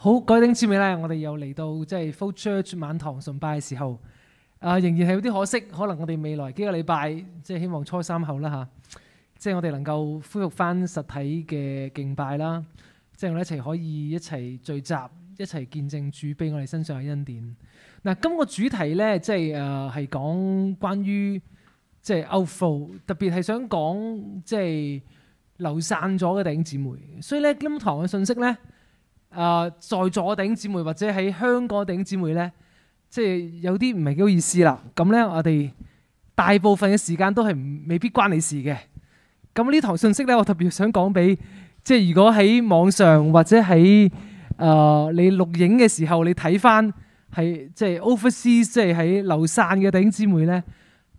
好，各位弟兄姊妹咧，我哋又嚟到即係 Flow Church 晚堂崇拜嘅時候，啊，仍然係有啲可惜，可能我哋未來幾個禮拜，即係希望初三後啦嚇、啊，即係我哋能夠恢復返實體嘅敬拜啦，即係我哋一齊可以一齊聚集，一齊見證主俾我哋身上嘅恩典。嗱、啊，今個主題咧，即係誒係講關於即係 outflow 特別係想講即係流散咗嘅弟兄姊妹，所以咧今堂嘅信息咧。啊，uh, 在座弟兄姊妹或者喺香港弟兄姊妹呢，即係有啲唔係幾好意思啦。咁呢，我哋大部分嘅時間都係唔未必關你事嘅。咁呢堂信息呢，我特別想講俾即係如果喺網上或者喺啊、呃、你錄影嘅時候，你睇翻係即係 Overseas 即係喺流散嘅弟兄姊妹呢，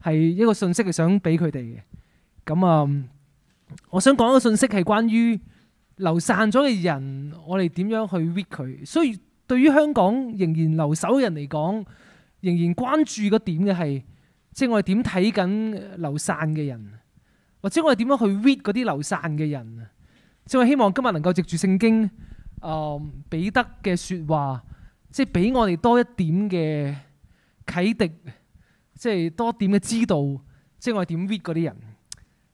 係一個信息，係想俾佢哋嘅。咁、嗯、啊，我想講一個信息係關於。流散咗嘅人，我哋點樣去 read 佢？所以對於香港仍然留守嘅人嚟講，仍然關注個點嘅係，即係我哋點睇緊流散嘅人，或者我哋點樣去 read 嗰啲流散嘅人啊？即我希望今日能夠藉住聖經，誒、呃、彼得嘅説話，即係俾我哋多一點嘅啟迪，即係多點嘅知道，即係我哋點 read 嗰啲人。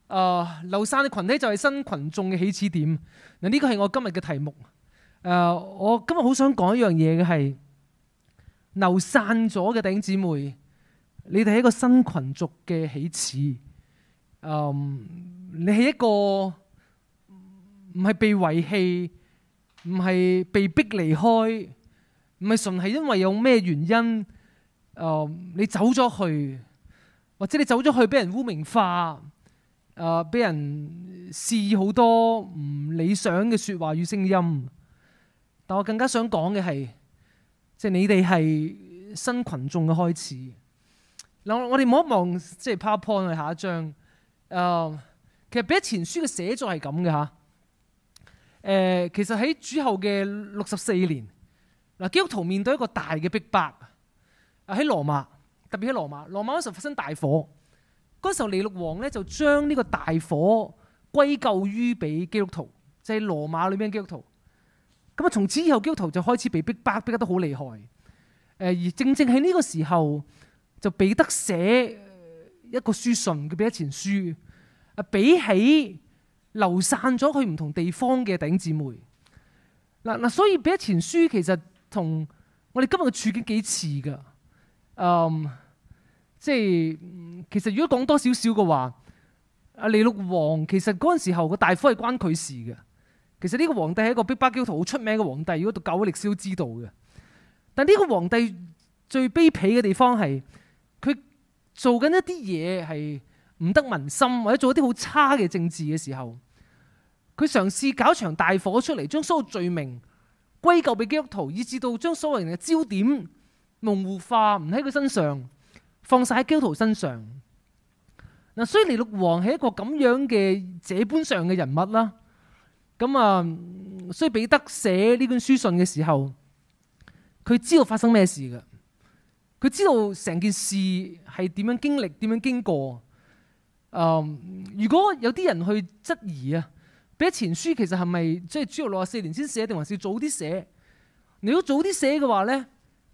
啊！流散嘅群體就係新群眾嘅起始點。嗱，呢個係我今日嘅題目。誒、uh,，我今日好想講一樣嘢嘅係，流散咗嘅弟兄姊妹，你哋係一個新群族嘅起始。嗯、uh,，你係一個唔係被遺棄，唔係被逼離開，唔係純係因為有咩原因，誒、uh,，你走咗去，或者你走咗去俾人污名化。誒俾、呃、人肆意好多唔理想嘅説話與聲音，但我更加想講嘅係，即係你哋係新群眾嘅開始。嗱、呃，我我哋望一望即係 PowerPoint 去下一張。誒、呃，其實彼得前書嘅寫作係咁嘅嚇。誒、呃，其實喺主後嘅六十四年，嗱，基督徒面對一個大嘅逼迫，喺羅馬，特別喺羅馬，羅馬嗰時候發生大火。嗰時候尼祿王咧就將呢個大火歸咎於俾基督徒，就係、是、羅馬裏邊嘅基督徒。咁啊，從此以後基督徒就開始被逼逼得好厲害。誒，而正正喺呢個時候就彼得寫一個書信，佢彼得前書啊，俾起流散咗去唔同地方嘅弟兄姊妹。嗱嗱，所以彼得前書其實同我哋今日嘅處境幾似㗎。嗯、um。即係其實，如果講多少少嘅話，阿李六王其實嗰陣時候個大火係關佢事嘅。其實呢個皇帝係一個逼迫基督徒好出名嘅皇帝，如果讀教會歷史都知道嘅。但呢個皇帝最卑鄙嘅地方係佢做緊一啲嘢係唔得民心，或者做一啲好差嘅政治嘅時候，佢嘗試搞一場大火出嚟，將所有罪名歸咎俾基督徒，以至到將所有人嘅焦點模糊化，唔喺佢身上。放晒喺基督徒身上。嗱，所以尼祿王係一個咁樣嘅這般上嘅人物啦。咁、嗯、啊，所以彼得寫呢本書信嘅時候，佢知道發生咩事嘅。佢知道成件事係點樣經歷、點樣經過。嗯，如果有啲人去質疑啊，彼前書其實係咪即係主後六十四年先寫，定還是早啲寫？如果早啲寫嘅話咧，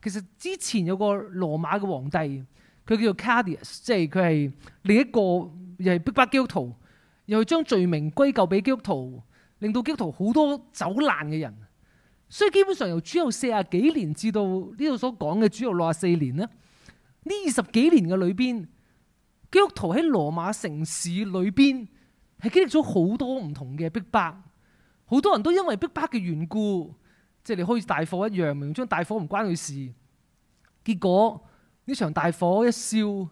其實之前有個羅馬嘅皇帝。佢叫做 Cardius，即係佢係另一個又係逼迫基督徒，又係將罪名歸咎俾基督徒，令到基督徒好多走難嘅人。所以基本上由主後四啊幾年至到呢度所講嘅主後六啊四年呢，呢二十幾年嘅裏邊，基督徒喺羅馬城市裏邊係經歷咗好多唔同嘅逼迫，好多人都因為逼迫嘅緣故，即係你開始大火一樣，明明場大火唔關佢事，結果。呢場大火一燒，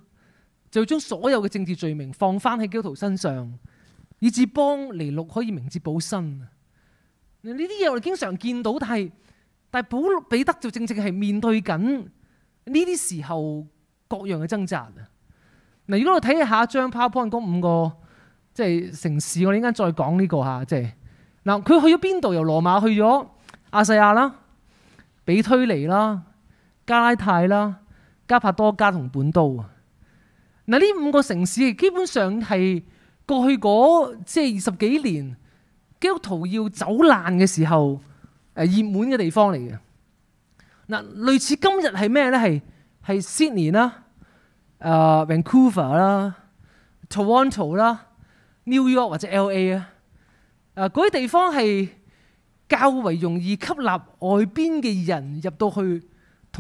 就將所有嘅政治罪名放翻喺基督徒身上，以致幫尼禄可以明哲保身。呢啲嘢我哋經常見到，但係但係保彼得就正正係面對緊呢啲時候各樣嘅掙扎。嗱，如果我睇下張 PowerPoint，講五個即係、就是、城市，我哋應該再講呢、這個吓，即係嗱，佢去咗邊度？由羅馬去咗亞細亞啦，比推尼啦，加拉泰啦。加帕多家同本都啊，嗱，呢五個城市基本上係過去嗰，即係二十幾年基督徒要走難嘅時候，誒，熱門嘅地方嚟嘅。嗱，類似今日係咩咧？係係 Sydney 啦、誒、啊、Vancouver 啦、啊、Toronto 啦、啊、New York 或者 L.A. 啊，嗰啲地方係較為容易吸納外邊嘅人入到去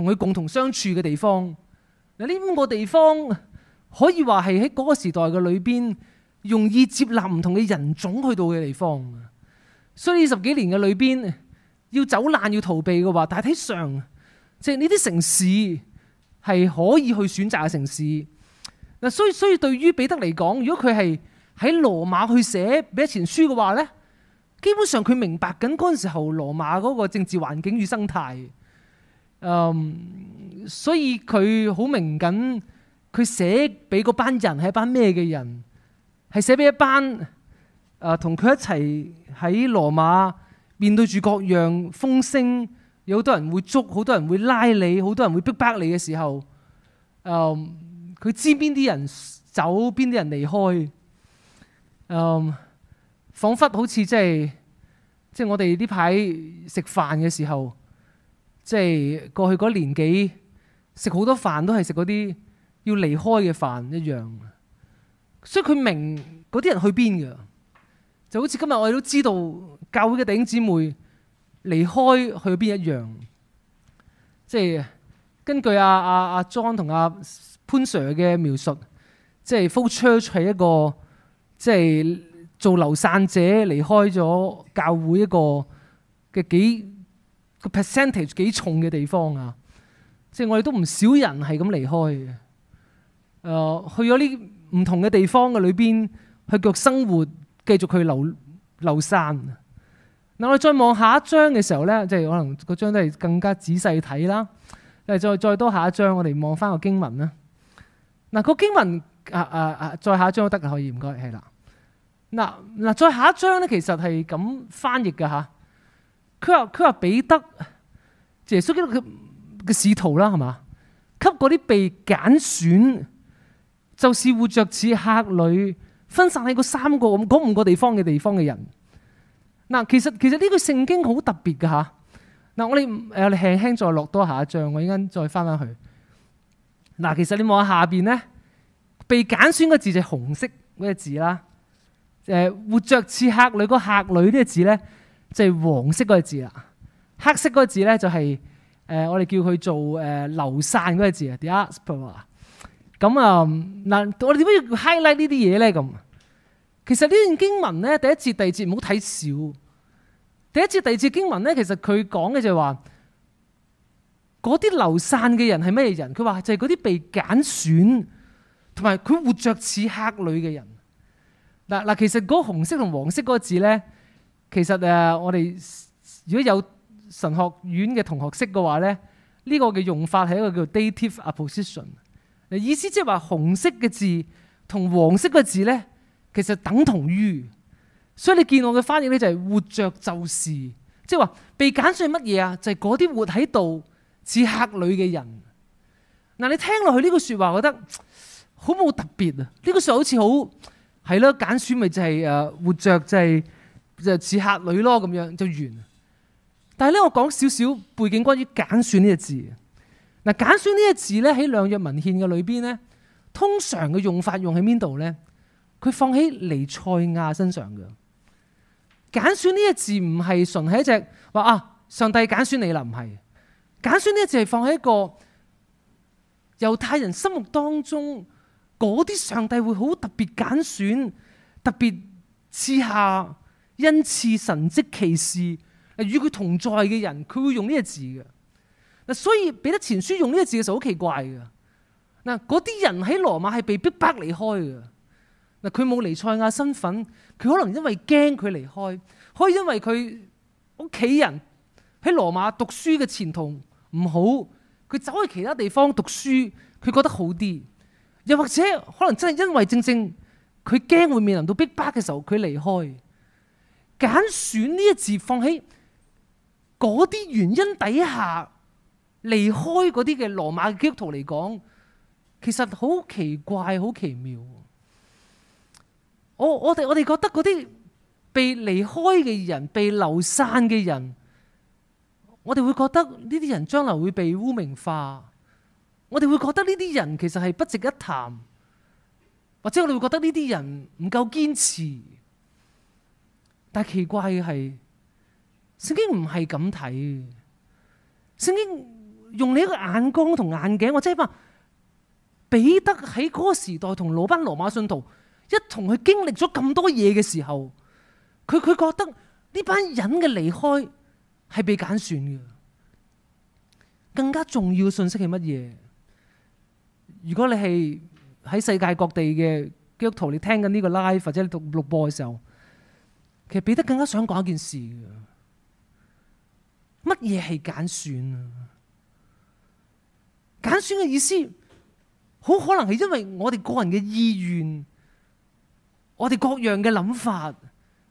同佢共同相處嘅地方，嗱呢五個地方可以話係喺嗰個時代嘅裏邊容易接納唔同嘅人種去到嘅地方。所以十幾年嘅裏邊要走難要逃避嘅話，大體上即係呢啲城市係可以去選擇嘅城市。嗱，所以所以對於彼得嚟講，如果佢係喺羅馬去寫《彼得前書》嘅話呢，基本上佢明白緊嗰陣時候羅馬嗰個政治環境與生態。嗯，um, 所以佢好明緊，佢寫俾嗰班人係一班咩嘅人，係寫俾一班誒、啊、同佢一齊喺羅馬面對住各樣風聲，有好多人會捉，好多人會拉你，好多、多人會逼迫你嘅時候，嗯、啊，佢知邊啲人走，邊啲人離開，嗯、啊，彷彿好似即係即係我哋呢排食飯嘅時候。即係過去嗰年幾食好多飯，都係食嗰啲要離開嘅飯一樣。所以佢明嗰啲人去邊㗎，就好似今日我哋都知道教會嘅弟兄姊妹離開去邊一樣。即係根據阿阿阿莊同阿潘 Sir 嘅描述，即係 Flow Church 係一個即係做流散者離開咗教會一個嘅幾。個 percentage 幾重嘅地方啊，即係我哋都唔少人係咁離開嘅，誒去咗呢唔同嘅地方嘅裏邊去繼續生活，繼續佢流流散。嗱我哋再望下一章嘅時候咧，即係可能個章都係更加仔細睇啦。誒再再多下一章，我哋望翻個經文啦。嗱個經文啊啊啊，再下一章都得嘅，可以唔該，係啦。嗱嗱，再下一章咧，其實係咁翻譯嘅嚇。佢話佢話，彼得耶穌基督嘅使徒啦，係嘛？給嗰啲被揀選，就是活着似客旅，分散喺個三個咁嗰五個地方嘅地方嘅人。嗱，其實其實呢個聖經好特別嘅吓。嗱、啊啊，我哋誒、啊，我哋輕輕再落多下一張，我一陣再翻翻去。嗱、啊，其實你望下下邊咧，被揀選嘅字就係紅色咩字啦。誒、啊，活着似客旅嗰客旅呢個字咧。即係黃色嗰個字啦，黑色嗰個字咧就係、是、誒、呃、我哋叫佢做誒、呃、流散嗰個字啊。點啊、嗯？咁啊嗱，我哋點解要 highlight 呢啲嘢咧？咁其實呢段經文咧，第一節、第二節唔好睇少。第一節、第二節經文咧，其實佢講嘅就係話，嗰啲流散嘅人係咩人？佢話就係嗰啲被揀選同埋佢活着似客旅嘅人。嗱嗱，其實嗰紅色同黃色嗰個字咧。其實誒、啊，我哋如果有神學院嘅同學識嘅話咧，呢、這個嘅用法係一個叫 dative apposition。意思即係話紅色嘅字同黃色嘅字咧，其實等同於。所以你見我嘅翻譯咧，就係活着就是，即係、就是、話被揀選係乜嘢啊？這個、就係嗰啲活喺度似客旅嘅人。嗱你聽落去呢句説話，我覺得好冇特別啊！呢句説話好似好係咯，揀選咪就係誒活着就係、是。就似客旅咯，咁樣就完。但係咧，我講少少背景關於揀選呢個字。嗱，揀選呢個字咧，喺兩約文獻嘅裏邊咧，通常嘅用法用喺邊度咧？佢放喺尼賽亞身上嘅揀選呢個字，唔係純係一隻話啊！上帝揀選你啦，唔係揀選呢個字係放喺一個猶太人心目當中嗰啲上帝會好特別揀選，特別似下。因賜神蹟奇事，誒，與佢同在嘅人，佢會用呢個字嘅。所以彼得前書用呢個字嘅時候好奇怪嘅。嗱，嗰啲人喺羅馬係被逼迫離開嘅。嗱，佢冇尼賽亞身份，佢可能因為驚佢離開，可以因為佢屋企人喺羅馬讀書嘅前途唔好，佢走去其他地方讀書，佢覺得好啲。又或者可能真係因為正正佢驚會面臨到逼迫嘅時候，佢離開。揀選呢一字放喺嗰啲原因底下離開嗰啲嘅羅馬基督徒嚟講，其實好奇怪，好奇妙。我我哋我哋覺得嗰啲被離開嘅人，被流散嘅人，我哋會覺得呢啲人將來會被污名化，我哋會覺得呢啲人其實係不值一談，或者我哋會覺得呢啲人唔夠堅持。但係奇怪嘅係，聖經唔係咁睇。聖經用你一個眼光同眼鏡，我即係話彼得喺嗰個時代同羅班羅馬信徒一同去經歷咗咁多嘢嘅時候，佢佢覺得呢班人嘅離開係被揀選嘅。更加重要信息係乜嘢？如果你係喺世界各地嘅基督徒，你聽緊呢個 live 或者你讀錄播嘅時候，其實彼得更加想講一件事，乜嘢係揀選啊？揀選嘅意思，好可能係因為我哋個人嘅意願，我哋各樣嘅諗法，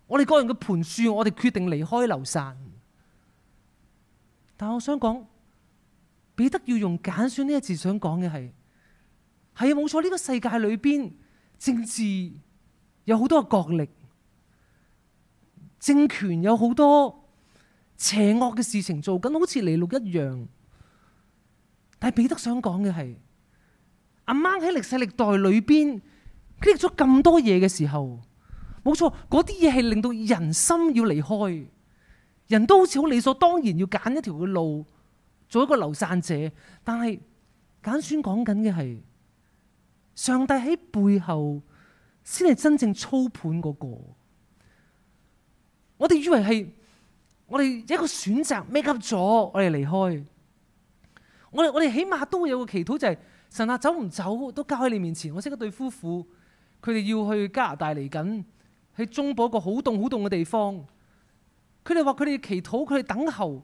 我哋各樣嘅盤算，我哋決定離開流散。但係我想講，彼得要用揀選呢一字想講嘅係，係啊冇錯，呢、這個世界裏邊政治有好多嘅角力。政權有好多邪惡嘅事情做緊，好似尼禄一樣。但係彼得想講嘅係，阿媽喺歷史歷代裏邊經歷咗咁多嘢嘅時候，冇錯，嗰啲嘢係令到人心要離開，人都好似好理所當然要揀一條嘅路，做一個流散者。但係簡選講緊嘅係，上帝喺背後先係真正操盤嗰個。我哋以為係我哋一個選擇咩咁咗。我哋離開。我哋我哋起碼都會有個祈禱就係、是、神啊，走唔走都交喺你面前。我識嗰對夫婦，佢哋要去加拿大嚟緊，喺中部一個好凍好凍嘅地方。佢哋話佢哋祈禱，佢哋等候，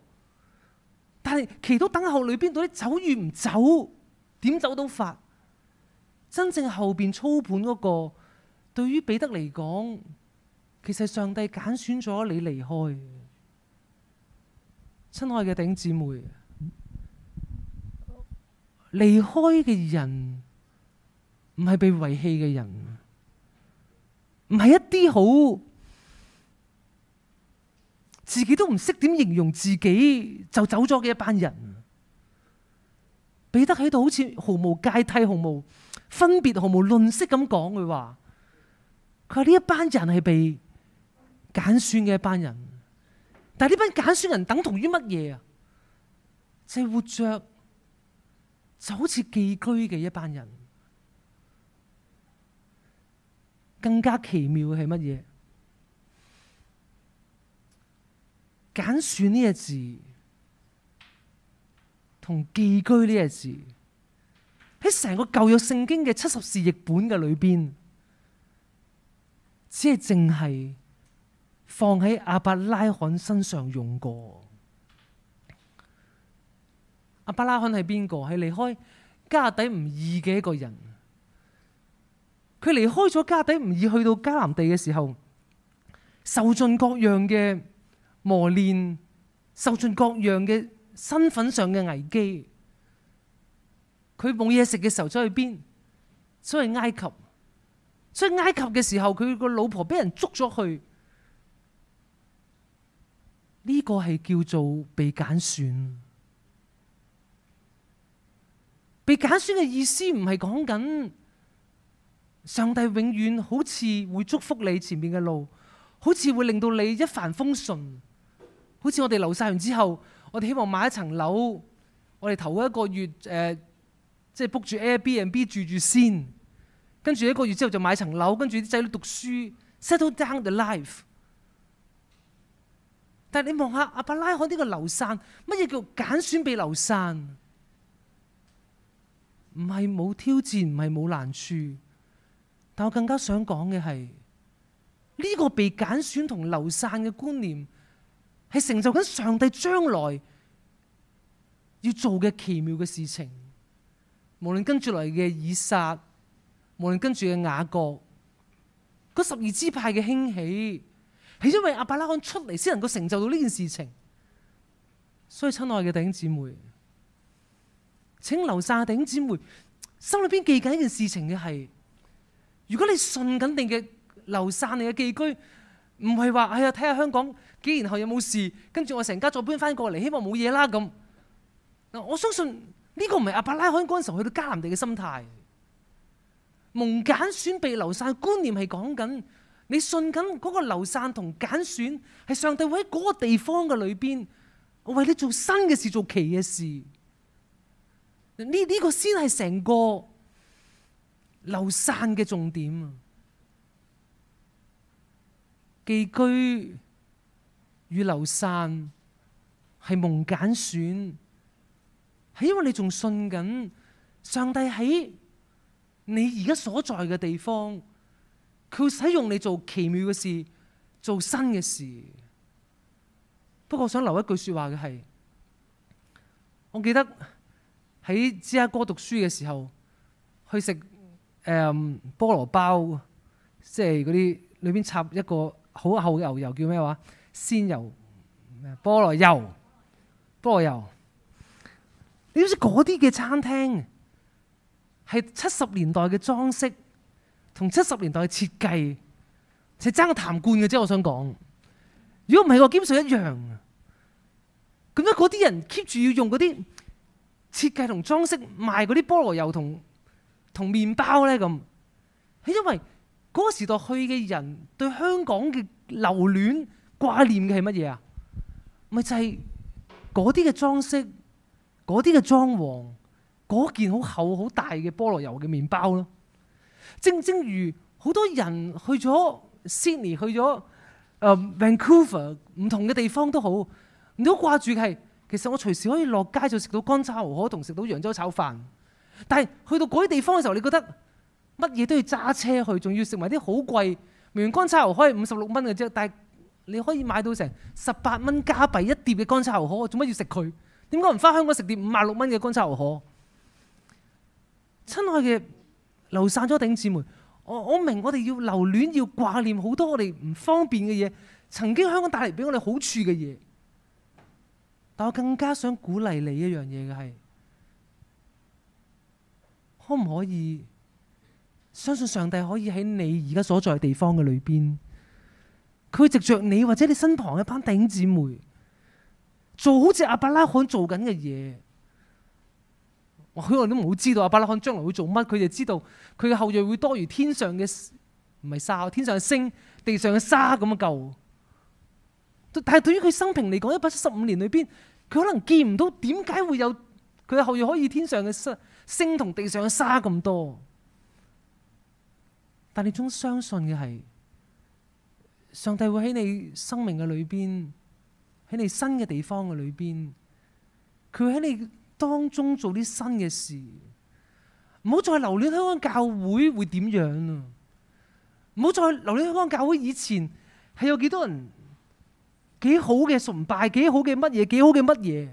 但係祈禱等候裏邊到底走與唔走，點走到法？真正後邊操盤嗰、那個，對於彼得嚟講。其實上帝揀選咗你離開，親愛嘅弟兄姊妹，離開嘅人唔係被遺棄嘅人，唔係一啲好自己都唔識點形容自己就走咗嘅一班人，彼得喺度好似毫無階梯、毫無分別、毫無論式咁講佢話，佢話呢一班人係被。揀選嘅一班人，但係呢班揀選人等同於乜嘢啊？就係、是、活着就好似寄居嘅一班人。更加奇妙嘅係乜嘢？揀選呢個字同寄居呢個字喺成個舊約聖經嘅七十士譯本嘅裏邊，只係淨係。放喺阿伯拉罕身上用過。阿伯拉罕係邊個？係離開迦勒底吾珥嘅一個人。佢離開咗迦勒底吾珥，去到迦南地嘅時候，受盡各樣嘅磨練，受盡各樣嘅身份上嘅危機。佢冇嘢食嘅時候，走去邊？走去埃及。去埃及嘅時候，佢個老婆俾人捉咗去。呢個係叫做被揀選。被揀選嘅意思唔係講緊上帝永遠好似會祝福你前面嘅路，好似會令到你一帆風順。好似我哋流晒完之後，我哋希望買一層樓，我哋頭一個月誒，即係 book 住 Airbnb 住住先，跟住一個月之後就買層樓，跟住啲仔女讀書，settle down the life。但係你望下阿伯拉罕呢個流散，乜嘢叫揀選被流散？唔係冇挑戰，唔係冇難處。但我更加想講嘅係呢個被揀選同流散嘅觀念，係成就緊上帝將來要做嘅奇妙嘅事情。無論跟住嚟嘅以撒，無論跟住嘅雅各，嗰十二支派嘅興起。係因為阿伯拉罕出嚟先能夠成就到呢件事情，所以親愛嘅弟兄姊妹，請流散弟兄姊妹心裏邊記緊一件事情嘅係：如果你信緊定嘅流散，你嘅寄居，唔係話，哎呀，睇下香港幾然後有冇事，跟住我成家再搬翻過嚟，希望冇嘢啦咁。嗱，我相信呢、這個唔係阿伯拉罕嗰陣時去到迦南地嘅心態。蒙揀選被流散嘅觀念係講緊。你信緊嗰個流散同揀選，係上帝會喺嗰個地方嘅裏邊，為你做新嘅事，做奇嘅事。呢呢、呢個先係成個流散嘅重點啊！寄居與流散係蒙揀選，係因為你仲信緊上帝喺你而家所在嘅地方。佢使用你做奇妙嘅事，做新嘅事。不過我想留一句説話嘅係，我記得喺芝加哥讀書嘅時候，去食誒、嗯、菠蘿包，即係嗰啲裏邊插一個好厚牛油，油，叫咩話？鮮油，菠蘿油菠蘿油。你知唔知嗰啲嘅餐廳係七十年代嘅裝飾？同七十年代嘅設計，就爭個壇冠嘅啫。我想講，如果唔係，我基本上一樣。咁咧，嗰啲人 keep 住要用嗰啲設計同裝飾賣嗰啲菠蘿油同同麵包咧，咁係因為嗰個時代去嘅人對香港嘅留戀掛念嘅係乜嘢啊？咪就係嗰啲嘅裝飾、嗰啲嘅裝潢、嗰件好厚好大嘅菠蘿油嘅麵包咯。正正如好多人去咗 Sydney，去咗誒、uh, Vancouver，唔同嘅地方都好，你都掛住係其實我隨時可以落街就食到乾炒牛河同食到揚州炒飯。但係去到嗰啲地方嘅時候，你覺得乜嘢都要揸車去，仲要食埋啲好貴，明明乾炒牛河可以五十六蚊嘅啫，但係你可以買到成十八蚊加幣一碟嘅乾炒牛河，做乜要食佢？點解唔翻香港食碟五萬六蚊嘅乾炒牛河？親愛嘅。流散咗，弟兄姊妹，我明，我哋要留戀，要掛念好多我哋唔方便嘅嘢，曾經香港帶嚟畀我哋好處嘅嘢。但我更加想鼓勵你一樣嘢嘅係，可唔可以相信上帝可以喺你而家所在地方嘅裏邊，佢會藉着你或者你身旁一班弟兄姊妹，做好似亞伯拉罕做緊嘅嘢。我可能都冇知道阿伯拉罕將來會做乜，佢就知道佢嘅後裔會多如天上嘅唔係沙，天上嘅星，地上嘅沙咁嘅夠。但係對於佢生平嚟講，一百十五年裏邊，佢可能見唔到點解會有佢嘅後裔可以天上嘅星星同地上嘅沙咁多。但你總相信嘅係，上帝會喺你生命嘅裏邊，喺你新嘅地方嘅裏邊，佢喺你當中做啲新嘅事，唔好再留戀香港教會會點樣啊！唔好再留戀香港教會以前係有幾多人，幾好嘅崇拜，幾好嘅乜嘢，幾好嘅乜嘢，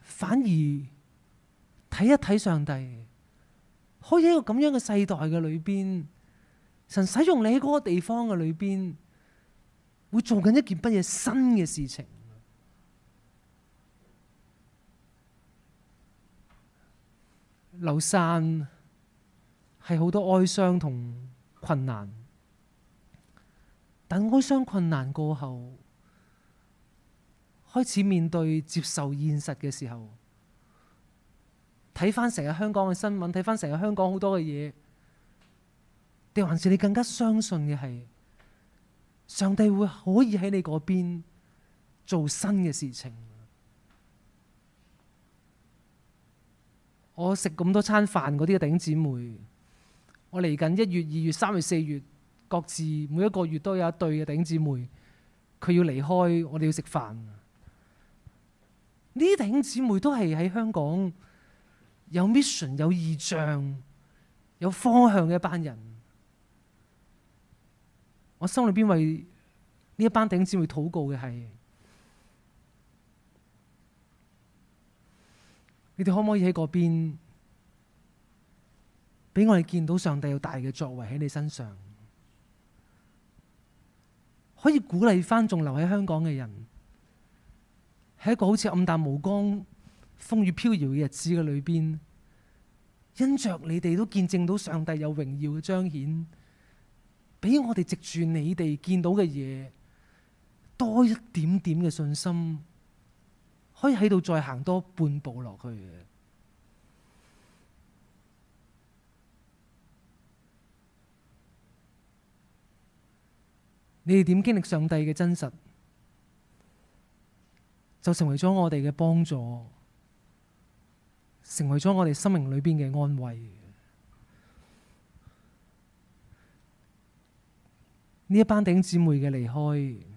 反而睇一睇上帝，開始一個咁樣嘅世代嘅裏邊，神使用你喺嗰個地方嘅裏邊，會做緊一件乜嘢新嘅事情。流散係好多哀傷同困難，等哀傷困難過後，開始面對接受現實嘅時候，睇翻成日香港嘅新聞，睇翻成日香港好多嘅嘢，定還是你更加相信嘅係上帝會可以喺你嗰邊做新嘅事情？我食咁多餐飯嗰啲弟兄姊妹，我嚟緊一月、二月、三月、四月，各自每一個月都有一對嘅弟兄姊妹，佢要離開，我哋要食飯。呢啲弟兄姊妹都係喺香港有 mission、有異象、有方向嘅一班人，我心裏邊為呢一班弟兄姊妹禱告嘅係。你哋可唔可以喺嗰邊，俾我哋見到上帝有大嘅作為喺你身上，可以鼓勵返仲留喺香港嘅人，喺一個好似暗淡無光、風雨飄搖嘅日子嘅裏邊，因着你哋都見證到上帝有榮耀嘅彰顯，俾我哋藉住你哋見到嘅嘢，多一點點嘅信心。可以喺度再行多半步落去嘅，你哋點經歷上帝嘅真實，就成為咗我哋嘅幫助，成為咗我哋生命裏邊嘅安慰。呢一班弟兄姊妹嘅離開。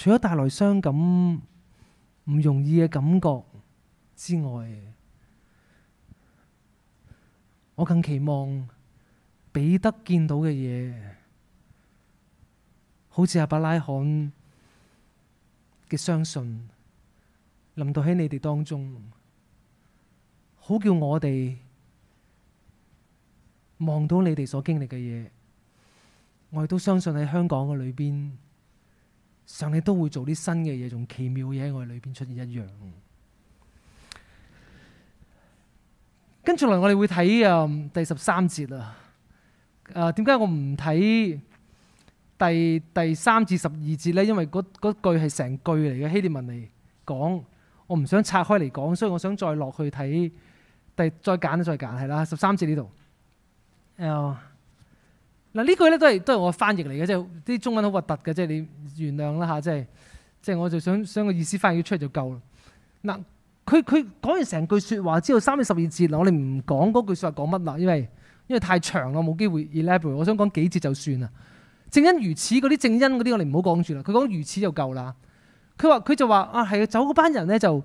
除咗帶來傷感、唔容易嘅感覺之外，我更期望彼得見到嘅嘢，好似阿伯拉罕嘅相信，臨到喺你哋當中，好叫我哋望到你哋所經歷嘅嘢，我亦都相信喺香港嘅裏邊。上帝都會做啲新嘅嘢，仲奇妙嘢喺我哋裏邊出現一樣。跟住嚟，我哋會睇啊第十三節啦。誒，點解我唔睇第第三至十二節呢？因為嗰句係成句嚟嘅希臘文嚟講，我唔想拆開嚟講，所以我想再落去睇第再揀再揀係啦十三節呢度。誒、呃。嗱呢句咧都係都係我翻譯嚟嘅，即係啲中文好核突嘅，即係你原諒啦嚇，即係即係我就想想個意思翻譯出嚟就夠啦。嗱，佢佢講完成句説話之後，三至十二節，我哋唔講嗰句説話講乜啦，因為因為太長啦，冇機會 elaborate，我想講幾節就算啦。正因如此，嗰啲正因嗰啲我哋唔好講住啦。佢講如此就夠啦。佢話佢就話啊，係走嗰班人咧，就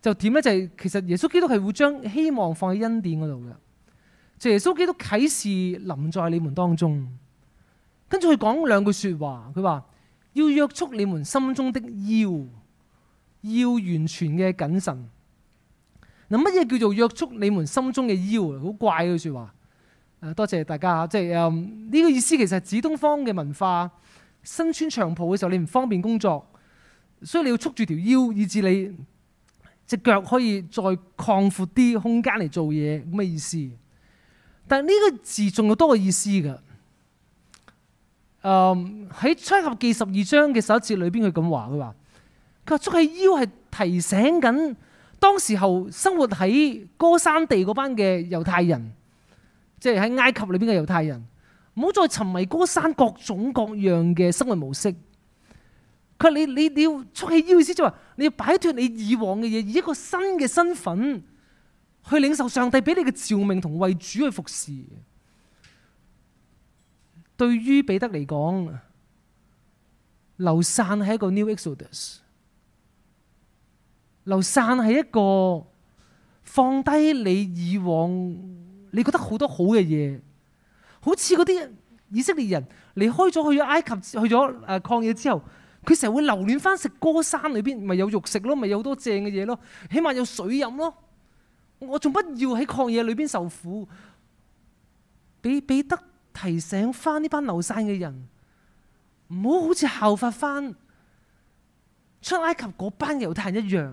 就點咧？就係、就係、其實耶穌基督係會將希望放喺恩典嗰度嘅。耶穌基督啓示臨在你們當中，跟住佢講兩句説話。佢話要約束你們心中的腰，要完全嘅謹慎。嗱，乜嘢叫做約束你們心中嘅腰？好怪嘅説話。多謝大家。即係誒呢個意思其實係指東方嘅文化，身穿長袍嘅時候，你唔方便工作，所以你要束住條腰，以至你隻腳可以再擴闊啲空間嚟做嘢。咁嘅意思。但係呢個字仲有多個意思㗎。嗯，喺出埃及記十二章嘅十一節裏邊，佢咁話，佢話：佢捉起腰係提醒緊，當時候生活喺歌珊地嗰班嘅猶太人，即係喺埃及裏邊嘅猶太人，唔好再沉迷歌珊各種各樣嘅生活模式。佢話你你你要出起腰意思就係話，你要擺脱你以往嘅嘢，以一個新嘅身份。去領受上帝俾你嘅召命同為主去服侍。對於彼得嚟講，流散係一個 New Exodus。流散係一個放低你以往，你覺得好多好嘅嘢，好似嗰啲以色列人離開咗去咗埃及、去咗誒曠野之後，佢成日會留戀返食歌山裏邊，咪有肉食咯，咪有好多正嘅嘢咯，起碼有水飲咯。我仲不要喺曠野裏邊受苦，俾彼得提醒翻呢班流散嘅人，唔好好似效法翻出埃及嗰班猶太人一樣。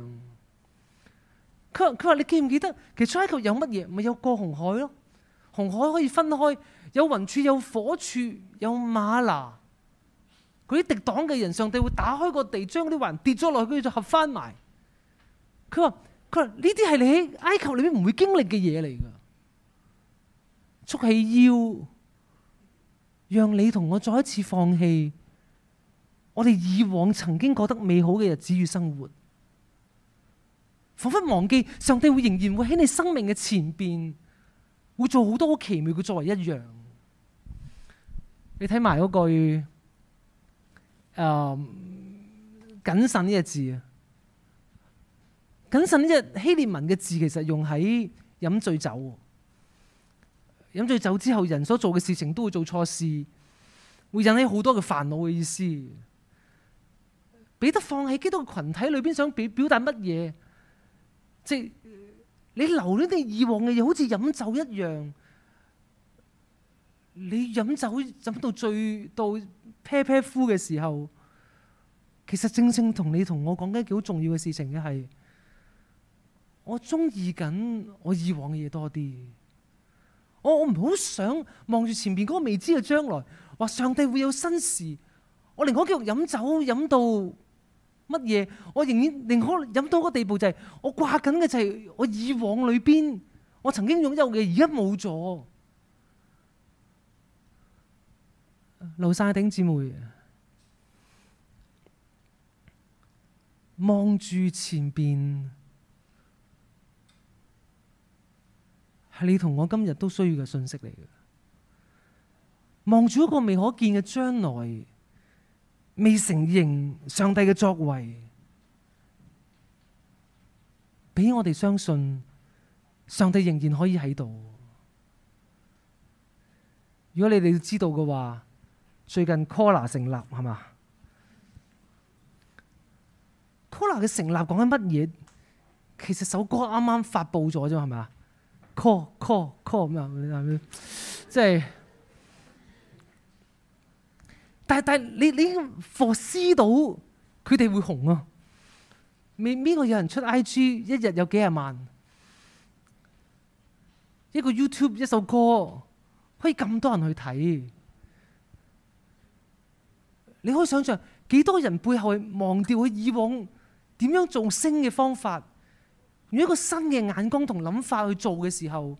佢話：佢話你記唔記得？其實出埃及有乜嘢？咪、就是、有過紅海咯。紅海可以分開，有雲柱，有火柱，有嗎哪。嗰啲敵擋嘅人，上帝會打開個地，將啲雲跌咗落去，佢就合翻埋。佢話。呢啲係你喺埃及裏面唔會經歷嘅嘢嚟㗎。束起腰，讓你同我再一次放棄我哋以往曾經覺得美好嘅日子與生活，彷彿忘記上帝會仍然會喺你生命嘅前邊會做好多奇妙嘅作為一樣。你睇埋嗰句誒、呃、謹慎呢個字啊！謹慎呢隻希臘文嘅字其實用喺飲醉酒，飲醉酒之後，人所做嘅事情都會做錯事，會引起好多嘅煩惱嘅意思。彼得放喺基督嘅群體裏邊，想表表達乜嘢？即係你留戀啲以往嘅嘢，好似飲酒一樣。你飲酒飲到醉到啤啤呼嘅時候，其實正正同你同我講緊幾好重要嘅事情嘅係。我中意緊我以往嘅嘢多啲，我我唔好想望住前邊嗰個未知嘅將來，話上帝會有新事，我寧可繼續飲酒飲到乜嘢，我仍然寧可飲到個地步就係、是、我掛緊嘅就係我以往裏邊我曾經擁有嘅而家冇咗，路晒頂姊妹，望住前邊。係你同我今日都需要嘅信息嚟嘅。望住一個未可見嘅將來，未承認上帝嘅作為，俾我哋相信上帝仍然可以喺度。如果你哋知道嘅話，最近 Corla 成立係嘛？Corla 嘅成立講緊乜嘢？其實首歌啱啱發佈咗啫，係咪 call call call 咩？即 係、就是，但係但係你你 foresee 到佢哋會紅啊？未？邊個有人出 IG，一日有幾廿萬，一個 YouTube 一首歌可以咁多人去睇，你可以想象幾多人背後去忘掉佢以往點樣做星嘅方法。用一個新嘅眼光同諗法去做嘅時候，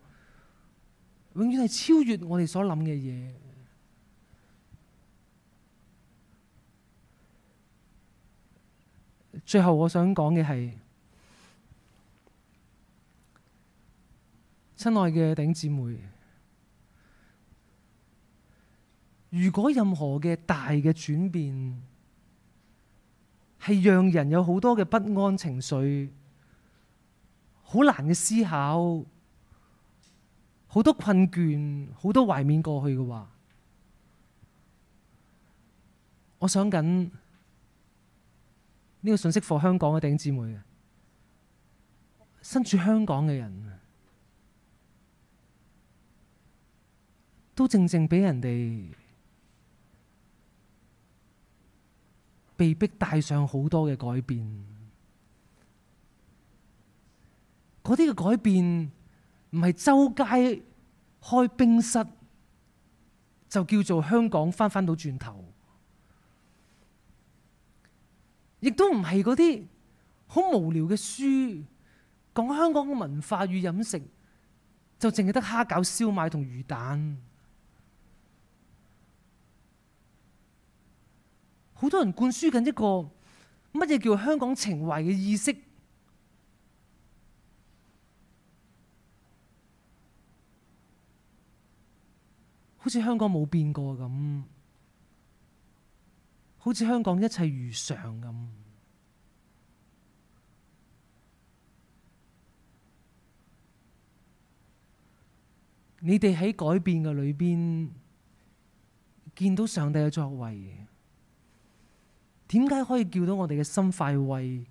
永遠係超越我哋所諗嘅嘢。最後我想講嘅係，親愛嘅弟兄姊妹，如果任何嘅大嘅轉變係讓人有好多嘅不安情緒。好難嘅思考，好多困倦，好多懷緬過去嘅話，我想緊呢、這個信息畀香港嘅弟兄姊妹，身處香港嘅人，都正正俾人哋被逼帶上好多嘅改變。嗰啲嘅改變唔係周街開冰室就叫做香港返返到轉頭，亦都唔係嗰啲好無聊嘅書，講香港嘅文化與飲食就淨係得蝦餃、燒賣同魚蛋，好多人灌輸緊一個乜嘢叫香港情懷嘅意識。好似香港冇變過咁，好似香港一切如常咁。你哋喺改變嘅裏邊，見到上帝嘅作為，點解可以叫到我哋嘅心快慰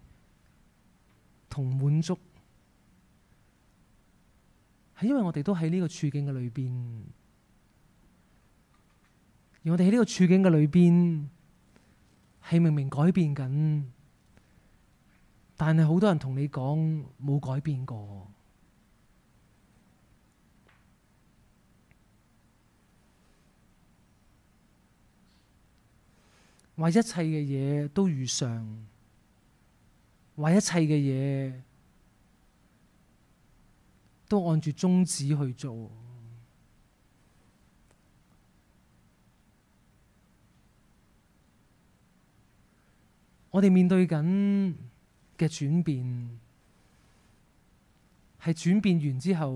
同滿足？係因為我哋都喺呢個處境嘅裏邊。我哋喺呢個處境嘅裏邊，係明明改變緊，但係好多人同你講冇改變過，話一切嘅嘢，都如常，話一切嘅嘢都按住宗旨去做。我哋面對緊嘅轉變，係轉變完之後，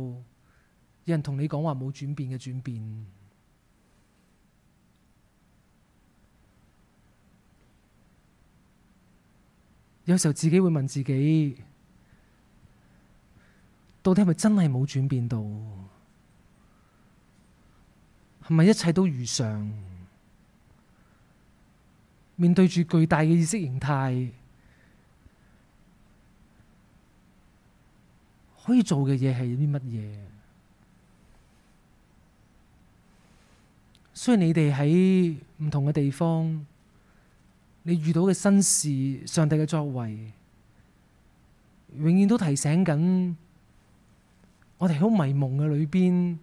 有人同你講，話冇轉變嘅轉變。有時候自己會問自己，到底係咪真係冇轉變到？係咪一切都如常？面對住巨大嘅意識形態，可以做嘅嘢係啲乜嘢？雖然你哋喺唔同嘅地方，你遇到嘅新事、上帝嘅作為，永遠都提醒緊我哋喺好迷夢嘅裏邊，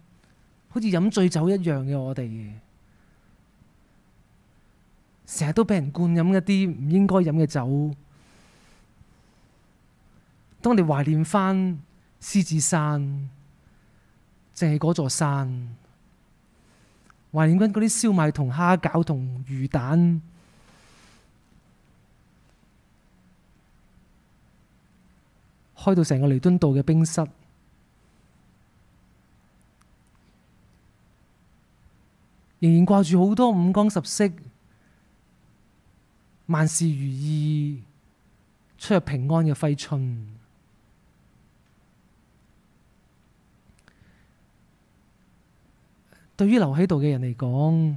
好似飲醉酒一樣嘅我哋。成日都俾人灌飲一啲唔應該飲嘅酒。當你懷念翻獅子山，淨係嗰座山；懷念緊嗰啲燒賣同蝦餃同魚蛋，開到成個彌敦道嘅冰室，仍然掛住好多五光十色。萬事如意，出入平安嘅揮春。對於留喺度嘅人嚟講，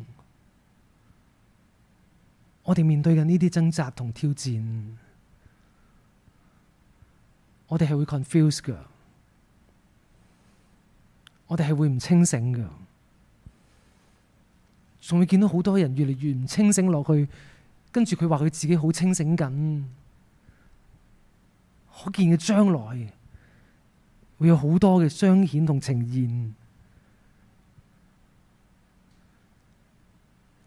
我哋面對緊呢啲掙扎同挑戰，我哋係會 confuse 嘅，我哋係會唔清醒嘅，仲會見到好多人越嚟越唔清醒落去。跟住佢話：佢自己好清醒緊，可見嘅將來會有好多嘅彰顯同呈現。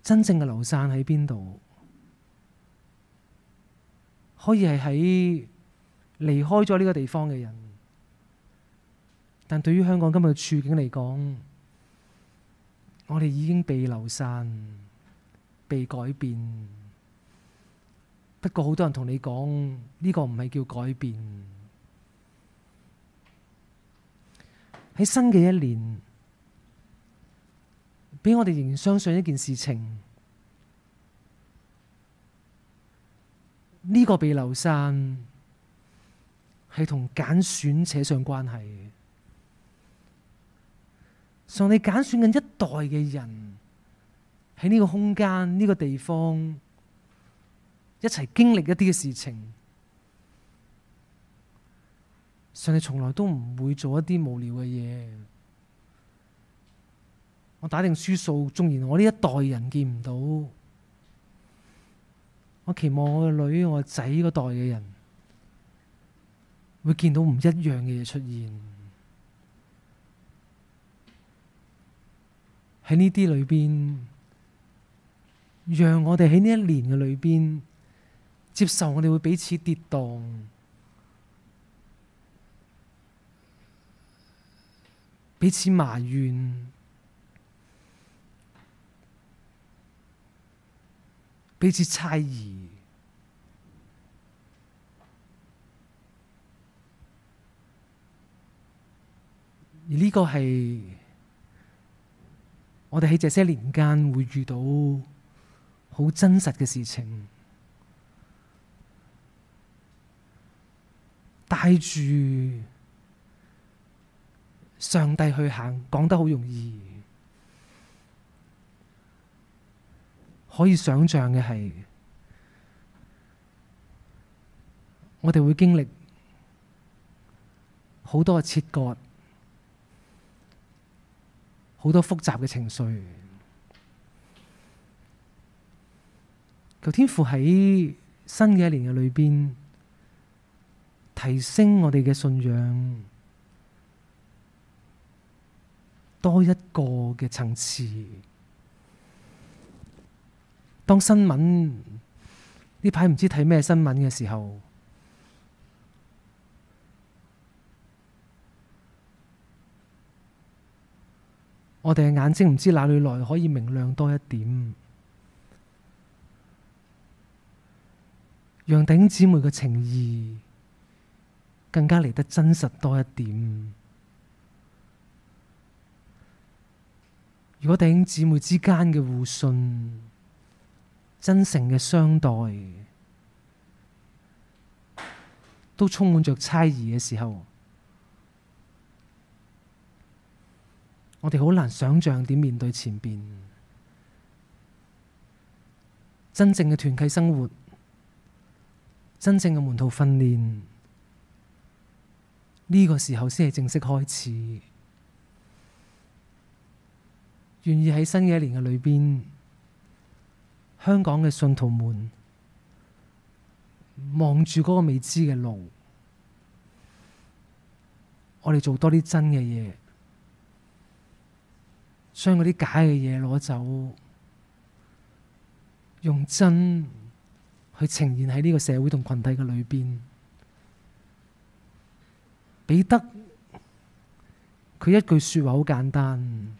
真正嘅流散喺邊度？可以係喺離開咗呢個地方嘅人。但對於香港今日嘅處境嚟講，我哋已經被流散、被改變。不過好多人同你講呢個唔係叫改變，喺新嘅一年，俾我哋仍然相信一件事情：呢個被流散係同揀選扯上關係嘅。上帝揀選緊一代嘅人喺呢個空間、呢個地方。一齊經歷一啲嘅事情，上帝從來都唔會做一啲無聊嘅嘢。我打定輸數，縱然我呢一代人見唔到，我期望我個女、我個仔嗰代嘅人，會見到唔一樣嘅嘢出現。喺呢啲裏邊，讓我哋喺呢一年嘅裏邊。接受我哋會彼此跌宕，彼此埋怨，彼此猜疑。而呢個係我哋喺這些年間會遇到好真實嘅事情。帶住上帝去行，講得好容易，可以想象嘅係，我哋會經歷好多切割，好多複雜嘅情緒。求天父喺新嘅一年嘅裏邊。提升我哋嘅信仰多一個嘅層次。當新聞呢排唔知睇咩新聞嘅時候，我哋嘅眼睛唔知哪裏來可以明亮多一點，讓頂姊妹嘅情誼。更加嚟得真實多一點。如果弟兄姊妹之間嘅互信、真誠嘅相待，都充滿着猜疑嘅時候，我哋好難想像點面對前邊真正嘅團契生活、真正嘅門徒訓練。呢個時候先係正式開始。願意喺新嘅一年嘅裏邊，香港嘅信徒們望住嗰個未知嘅路，我哋做多啲真嘅嘢，將嗰啲假嘅嘢攞走，用真去呈現喺呢個社會同群體嘅裏邊。彼得佢一句說話好簡單，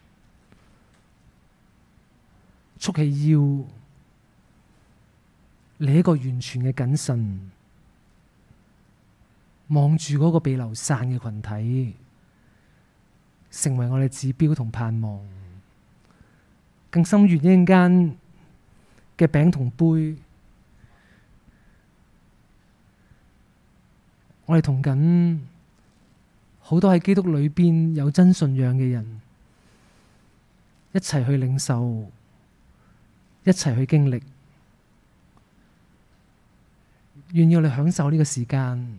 束起腰嚟一個完全嘅謹慎，望住嗰個被流散嘅群體，成為我哋指標同盼望，更深遠一陣間嘅餅同杯，我哋同緊。好多喺基督裏邊有真信仰嘅人，一齊去領受，一齊去經歷，願意我哋享受呢個時間，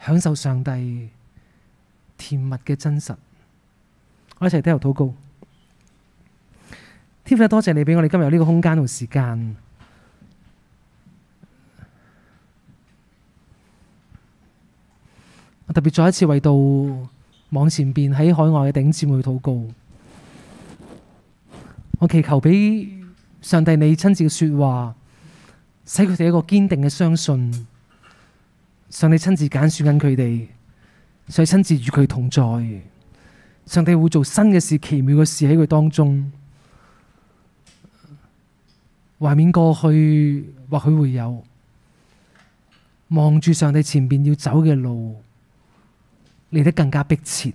享受上帝甜蜜嘅真實。我一齊低頭禱告，天父多謝你畀我哋今日有呢個空間同時間。我特別再一次為到網前面喺海外嘅弟兄姊妹禱告，我祈求俾上帝你親自嘅說話，使佢哋一個堅定嘅相信。上帝親自揀選緊佢哋，上帝親自與佢同在。上帝會做新嘅事，奇妙嘅事喺佢當中。懷緬過去，或許會有望住上帝前面要走嘅路。嚟得更加迫切，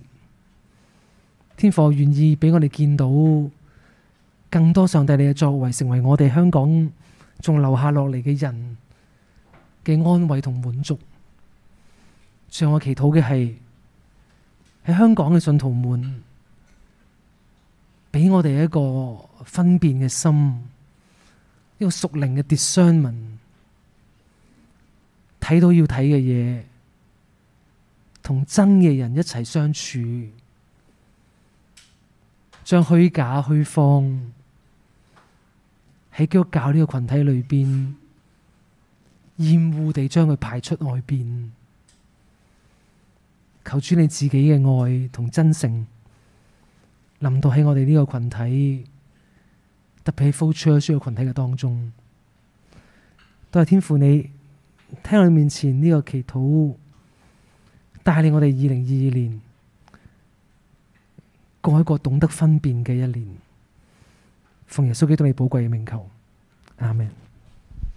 天父願意俾我哋見到更多上帝你嘅作為，成為我哋香港仲留下落嚟嘅人嘅安慰同滿足。最後我祈禱嘅係喺香港嘅信徒們，畀我哋一個分辨嘅心，一個熟靈嘅 discernment，睇到要睇嘅嘢。同真嘅人一齊相處，將虛假虛放喺基督教呢個群體裏邊，厭惡地將佢排出外邊。求主你自己嘅愛同真誠，臨到喺我哋呢個群體，特別係 flow church 呢個群體嘅當中，都係天父你聽我面前呢個祈禱。帶領我哋二零二二年過一個懂得分辨嘅一年，奉耶穌基督你寶貴嘅名求，阿門。